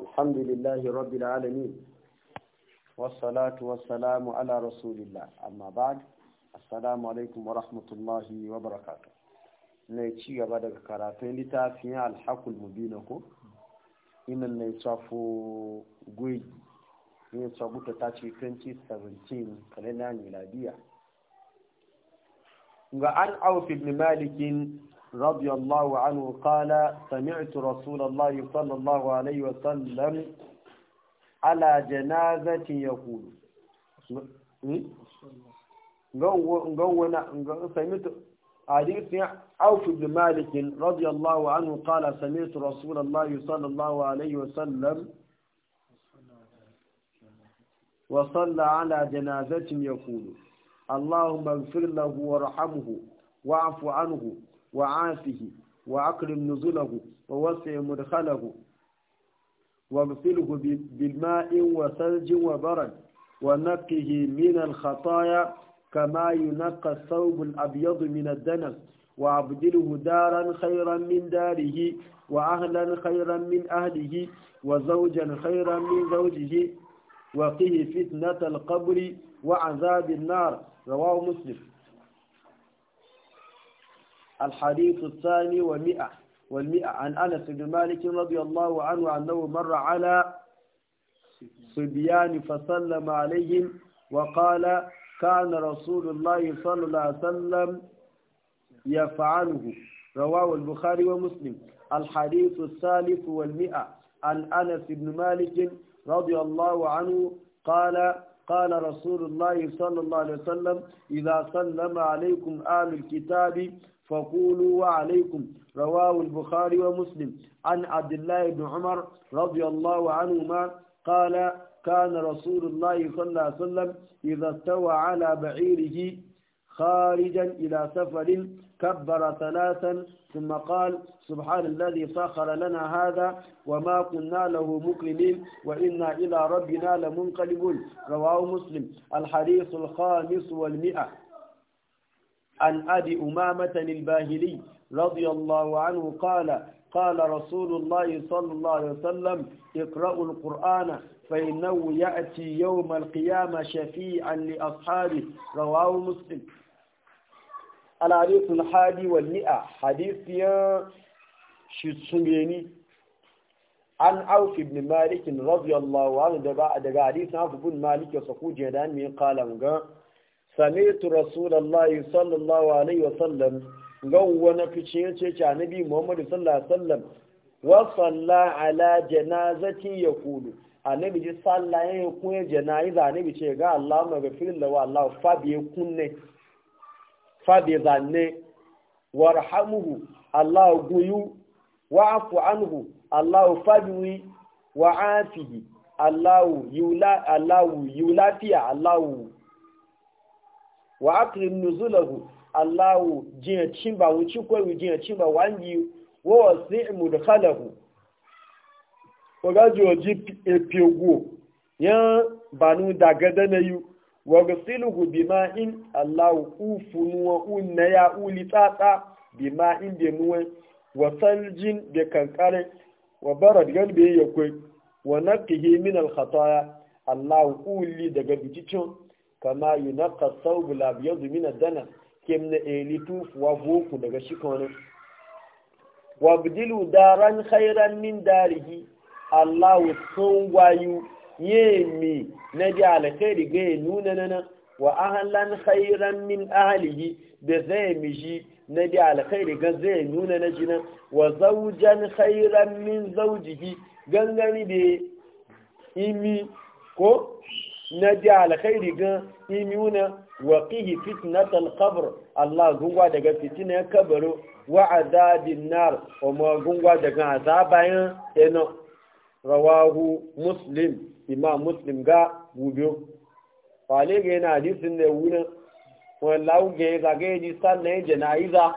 الحمد لله رب العالمين والصلاة والسلام على رسول الله أما بعد السلام عليكم ورحمة الله وبركاته نيتشي بعد كراتين لتافين الحق المبين إن نيتشافو قوي نيتشافو تتاتشي 2017 كالينا ميلادية وعن عوف بن مالك رضي الله عنه قال سمعت رسول الله صلى الله عليه وسلم على جنازة يقول سمعت حديث عوف بن مالك رضي الله عنه قال سمعت رسول الله صلى الله عليه وسلم وصلى على جنازة يقول اللهم اغفر له وارحمه واعف عنه وعافه وأكرم نزله ووسع مدخله واغسله بالماء وثلج وبرد ونقه من الخطايا كما ينقى الثوب الأبيض من الدنس وأبدله دارا خيرا من داره وأهلا خيرا من أهله وزوجا خيرا من زوجه وقه فتنة القبر وعذاب النار رواه مسلم الحديث الثاني ومئة والمئة عن أنس بن مالك رضي الله عنه أنه مر على صبيان فسلم عليهم وقال كان رسول الله صلى الله عليه وسلم يفعله رواه البخاري ومسلم الحديث الثالث والمئة عن أنس بن مالك رضي الله عنه قال قال رسول الله صلى الله عليه وسلم إذا سلم عليكم آل الكتاب فقولوا وعليكم رواه البخاري ومسلم عن عبد الله بن عمر رضي الله عنهما قال كان رسول الله صلى الله عليه وسلم إذا استوى على بعيره خارجا إلى سفر كبر ثلاثا ثم قال سبحان الذي سخر لنا هذا وما كنا له مكرمين وإنا إلى ربنا لمنقلبون رواه مسلم الحديث الخامس والمئة عن أبي أمامة الباهلي رضي الله عنه قال قال رسول الله صلى الله عليه وسلم اقرأوا القرآن فإنه يأتي يوم القيامة شفيعا لأصحابه رواه مسلم الحديث الحادي والمئة حديث يا شتسميني عن عوف بن مالك رضي الله عنه دقاء حديث عوف بن مالك يصفو جهدان من قال sami'tu rasulullahi sallallahu alaihi sallam gawwa na fice yace ce annabi muhammad sallallahu alaihi sallam wa salla ala janazati yaqulu annabi ji salla ya kun janaiza bi ce ga Allah ma gafirin da wa Allah fa bi kunne fa bi zanne warhamuhu Allah guyu afu anhu Allah fa wa afihi Allah yula Allah yulafiya Allah wa akrim nuzulahu allahu jina cimba wuci kwawi wa cimba wangi wa wasi mudkhalahu wa gaji wa ji ya banu daga yu. wa gasiluhu bima in allahu ufunu unna ya uli tsatsa bima in da nuwa wa saljin da kankare wa barad galbe ya kwai wa nakihi min allahu uli daga bicicin kama yunaqqa thawbu labyad min dana kem na elitu wa boku daga shikonu wa da daran hairan min darihi allahu sunwayu na naji alkhairi ga nuna nana wa ahalan hairan min ahlihi da zai na ji alkhairi ga zai nuna na jina wa zaujan hairan min zaujihi gangani da imi ko na ji alkhairi gan imuna wa qihi fitnatul qabr Allah gungwa daga fitina kabaro wa azabin nar wa ma gungwa daga azabayan eno rawahu muslim imam muslim ga wudu. wale ga yana hadisin ne wuna wallahu ga ga ga sannan janaiza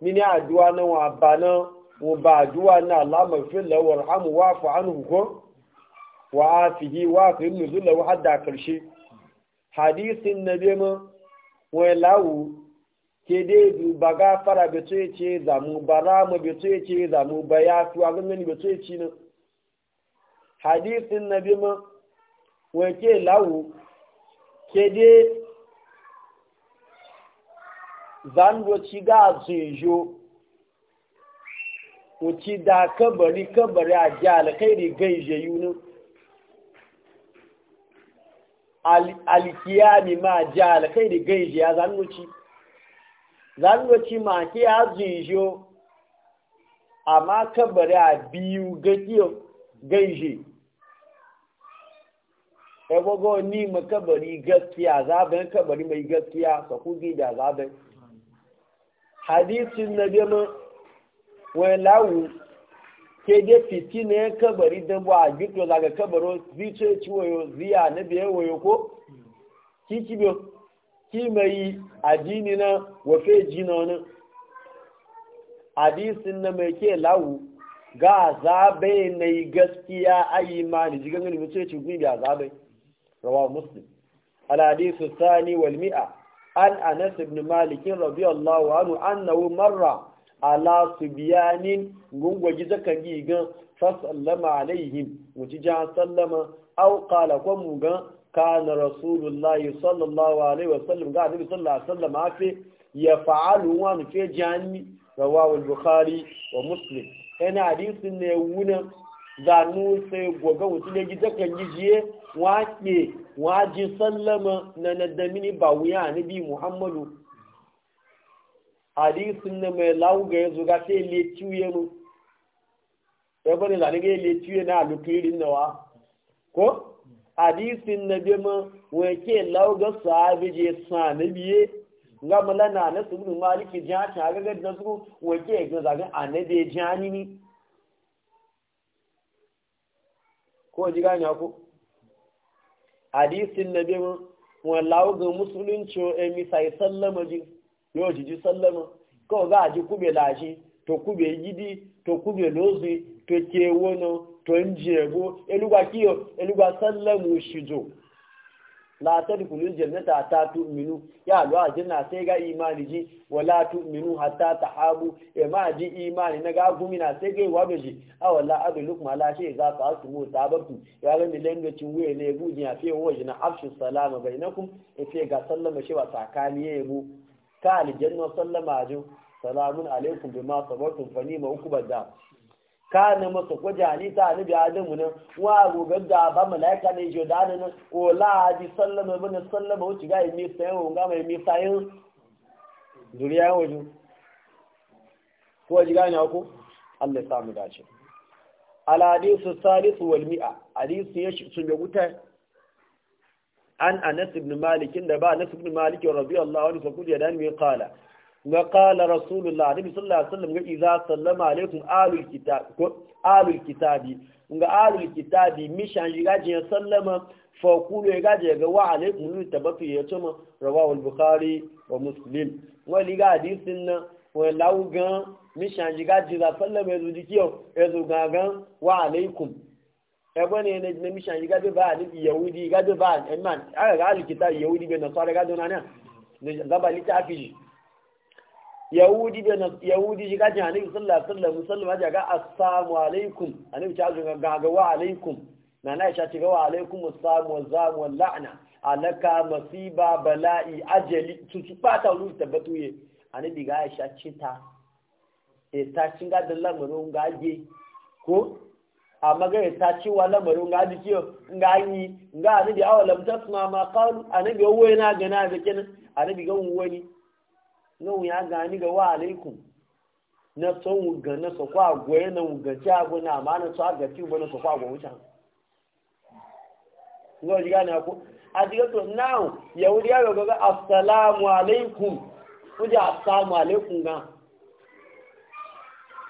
mini addu'a na, wa bana mu ba addu'a na Allah mafi lawar hamu wa fa anhu ko wa afihi wa afihi nuzula wa hadda karshe hadisin na mu wai lawu ke dai du baga fara bai ce zamu ba rama bai tsoye ce zamu ba ya fi wa gangani bai tsoye ci hadisin na mu wai ke lawu ke dai zando ci ga zinjo wuci da kabari kabari a ji alkhairi gaije yunin ni ma ji alakai da gaiji ya zanuci zannoci ma ke ya zuijo amma kabari a biyu gajiyo E ebogo ni ma kabari gaskiya zaben kabari mai gaskiya ka kugi da zaben hadisin na biyu wani lawu ke dai fiti ne kabari da ba a gito zaga kabaro zice ciwoyo ziya na biye wayo ko ki kibiyo ki mai ajini na wafe jina wani hadisin na mai ke lawu ga zabe na yi gaskiya a yi mani jigan gani mutu ce gumi ga zabe rawa muslim al-hadisu sani wal mi'a an anas ibn malik radiyallahu anhu annahu marra ala su ni gungwaji zaka gigan fasallama alaihim wuci ja sallama au kwan mugan mu ga kana rasulullahi sallallahu alaihi wasallam ga annabi sallallahu alaihi wasallam afi ya fa'alu wa nufi jani rawahu al-bukhari wa muslim kana hadisin ne wuna zanu sai gwaga wuci ne gizakan gijiye wake waji sallama na nadamini ba wuya bi muhammadu hadisin na mai lauga ya zuga sai le ciye mu ya bane da ni ga le ciye na na nawa ko hadisin na be mu wai ke lauga sahabi je sanabiye nga mala na na su bin maliki jiya ta ga ga da su wai ke ga zaga anabi jani ni ko ji ganya ko hadisin na be mu wai lauga musulunci o emi sai sallama ji yóò jìjì sọ́lọ́mọ́ kọ́ ọ̀gá àti kúbẹ̀ làṣí tó kúbẹ̀ yídí tó kúbẹ̀ to tó ti ewó náà tó ń jẹ ẹ̀gbó elúgba kí o elúgba sọ́lọ́mù ṣùjò látọ́dù kùnú jẹ̀mẹ́ta àtàtù mìínú yà lọ́ àjẹ́nà àtẹ́gá ìmáàlì jí wọ látù mìínú àtàtà ààbò ẹ̀má jí ìmáàlì náà gómìnà àtẹ́gá ìwádòjì àwọ̀lá abẹ̀lúkùn aláṣẹ ìzáfà àtúmọ̀ tàbátù yàrá mi lẹ́nu na afṣù sàlámà bẹ̀rẹ̀ náà kún ẹ̀fẹ́ ka aljanna sallama ajin salamun alaikum bima sabartum fani ma ukuba da ka na masa kwajani ta annabi adamu nan wa gogar da ba malaika ne jo da nan o la ji sallama bin sallama wuce ga mi sayo ga mai mi sayo duriya waju ko ji ga ne ko Allah ya samu dace al hadithu salisu wal mi'a hadithu ya shi sun da wuta an anas ibn malik da ba anas ibn malik radiyallahu anhu fakul yadan mi qala wa qala rasulullah nabi sallallahu alaihi wasallam ga idza sallama alaikum alul kitab ko alul kitabi ga alul kitabi mishan jigaje sallama fakulu ya gaje ga wa alaikum lu tabatu ya tuma rawahu al-bukhari wa muslim wa liga hadisin nan wa laugan mishan jigaje sallama yazo dikiyo yazo gagan wa alaikum ẹgbẹ́ ni ẹni ẹni mission yìí bá báyà níbi yahudi ẹ̀mán àgbàgbà alùkìtà yahudi bẹ̀rẹ̀ nà sọ́ọ́rẹ́ náà yìí sọ́lá sọ́lá aleikum a zùn aleikum náà ìṣà ti gá aleikum alaka masiba bala'i ajali tutu pata olu tabbatu ye e, lamarin gáyé ko amma ga ya ta cewa lamarin ga ji ciyo ga yi ga anabi awa lamta suna ma kalu anabi yawon yana gana da kenan anabi ga wani nan ya gani ga wa alaikum na son wuga na so kwa goye na wuga ci abu na amma na so aga ci na so kwa goye wuta ga ji gani ko a ji to now yahudi ya ga ga assalamu alaikum kuje assalamu alaikum ga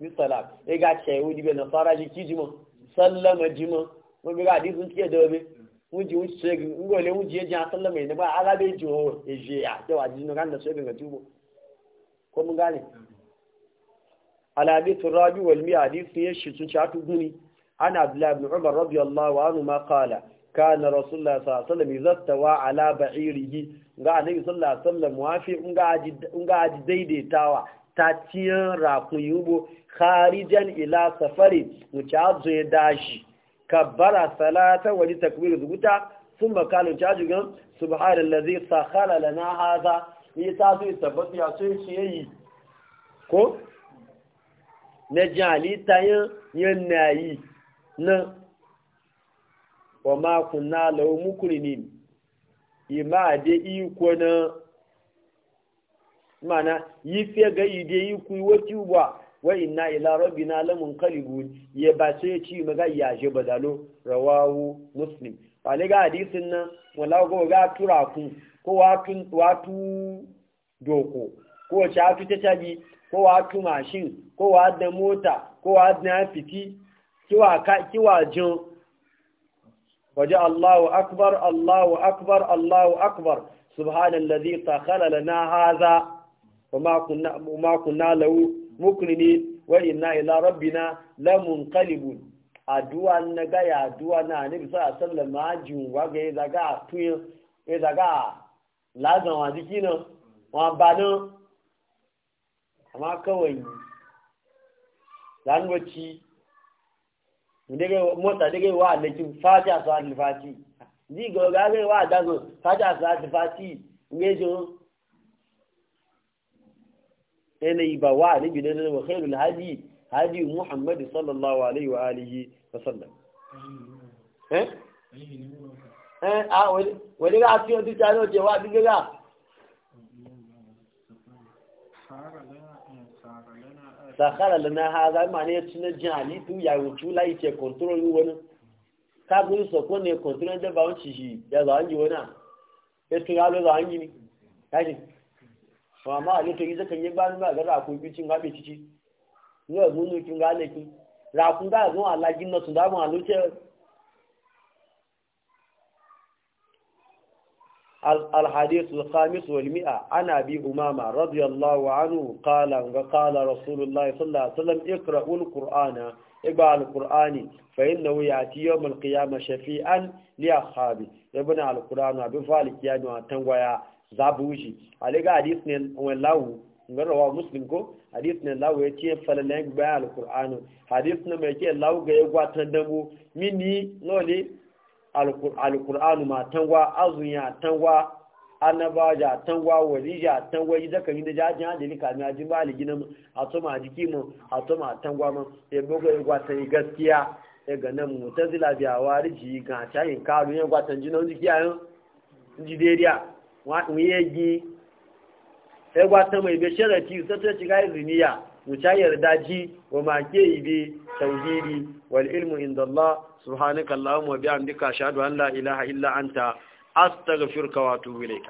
bi salat e ga ce yahudi be nasara ji ki jima sallama jima mun bi ga hadisin ke da be mun ji mun ce mun le mun ji e ja sallama e ne ba ala be jo e je ya wa ji no kan da ce ga e tubo ko mun gane al hadith rabi wal mi shi sun ci atu guni ana abdullah ibn umar radiyallahu anhu ma qala كان رسول الله صلى الله عليه وسلم إذا ga annabi sallallahu alaihi wasallam wafi in ga aji daidaitawa ta ciyan rakun yubo kharijan ila safari wuce azu ya dashi kabbara salata waje takbir zubuta sun makalin caji gan subhanallazi da lana hadha ni ta su tabbata ya sun yi ko na jali ta yin yanayi na wa ma kunna lahu mukrinin ima da iko na mana yi fiye ga yi dai yi kuyi wati ba wa inna ila rabbina lamun kalibun ya ba sai ci maga yaje badalo rawahu muslim wale ga hadisin nan wala go ga tura ku ko watu watu doko ko ta a ta tabi ko watu mashin ko wa da mota ko wa da fiti kiwa ka kiwa jin waje Allahu akbar Allahu akbar Allahu akbar subhanallazi na hadha وما كنا له مكرمين وإنا إلى ربنا لمنقلبون addu'a na gaya addu'a na annabi sallallahu alaihi wasallam ma jinwa ya zaga tuyin ya zaga lazan wa jiki na wa ba nan amma kawai lanwaci motsa daga wa alakin fati a sa'ad al-fati ji ga ga wa fati a sa'ad al-fati ngejo yanayi ba wa alibi na nan khairul hadi hadi muhammad sallallahu alaihi wa alihi wa sallam eh eh a ah, wani ga asiyo ti tare ce wa dinga ga sakara lana haza mane ya tunan jin halittu ya wucu layi ce kontrol wani kagun sako ne kontrol da ba wuce shi ya za an yi wani ya tura lo za an yi ne amma a nufin zaka kan yi ba nuna ga rakun bicin haɓe ciki ni a gudun kin gane ki rakun ga zuwa lagin na su damu a lokacin alhadisu sami su wani mi'a ana bi umama radiyallahu anu kala ga kala rasulullahi sallallahu ikra ul qur'ana igba alkur'ani fa yin na wuya ti yau mulkiya mashafi an liya habi ibina alkur'ani abin falikiya ne a tangwaya zabuji alega hadith ne wani lawu rawa muslim ko hadith ne lawo ya ce falalen bayan alkur'ani hadith ne mai ke lawo ga ya gwatan dabo mini lole alkur'ani ma tangwa azunya tangwa annabaja tangwa walija tangwa yi zaka yi da jajin hajjali kami a jin bali gina a tuma jiki mu a tuma tangwa mu ya bugu ya gwatan gaskiya ya ga nan mutazila biya wariji ga shayin karu ya gwatan jinan jiki a yin jideriya mu yegi sai gwata mai bai sharati sai ta shiga mu wuce yarda ji wa make yi bi tauhidi wal ilmu inda Allah subhanaka Allahumma bihamdika ashhadu an la ilaha illa anta astaghfiruka wa atubu ilayka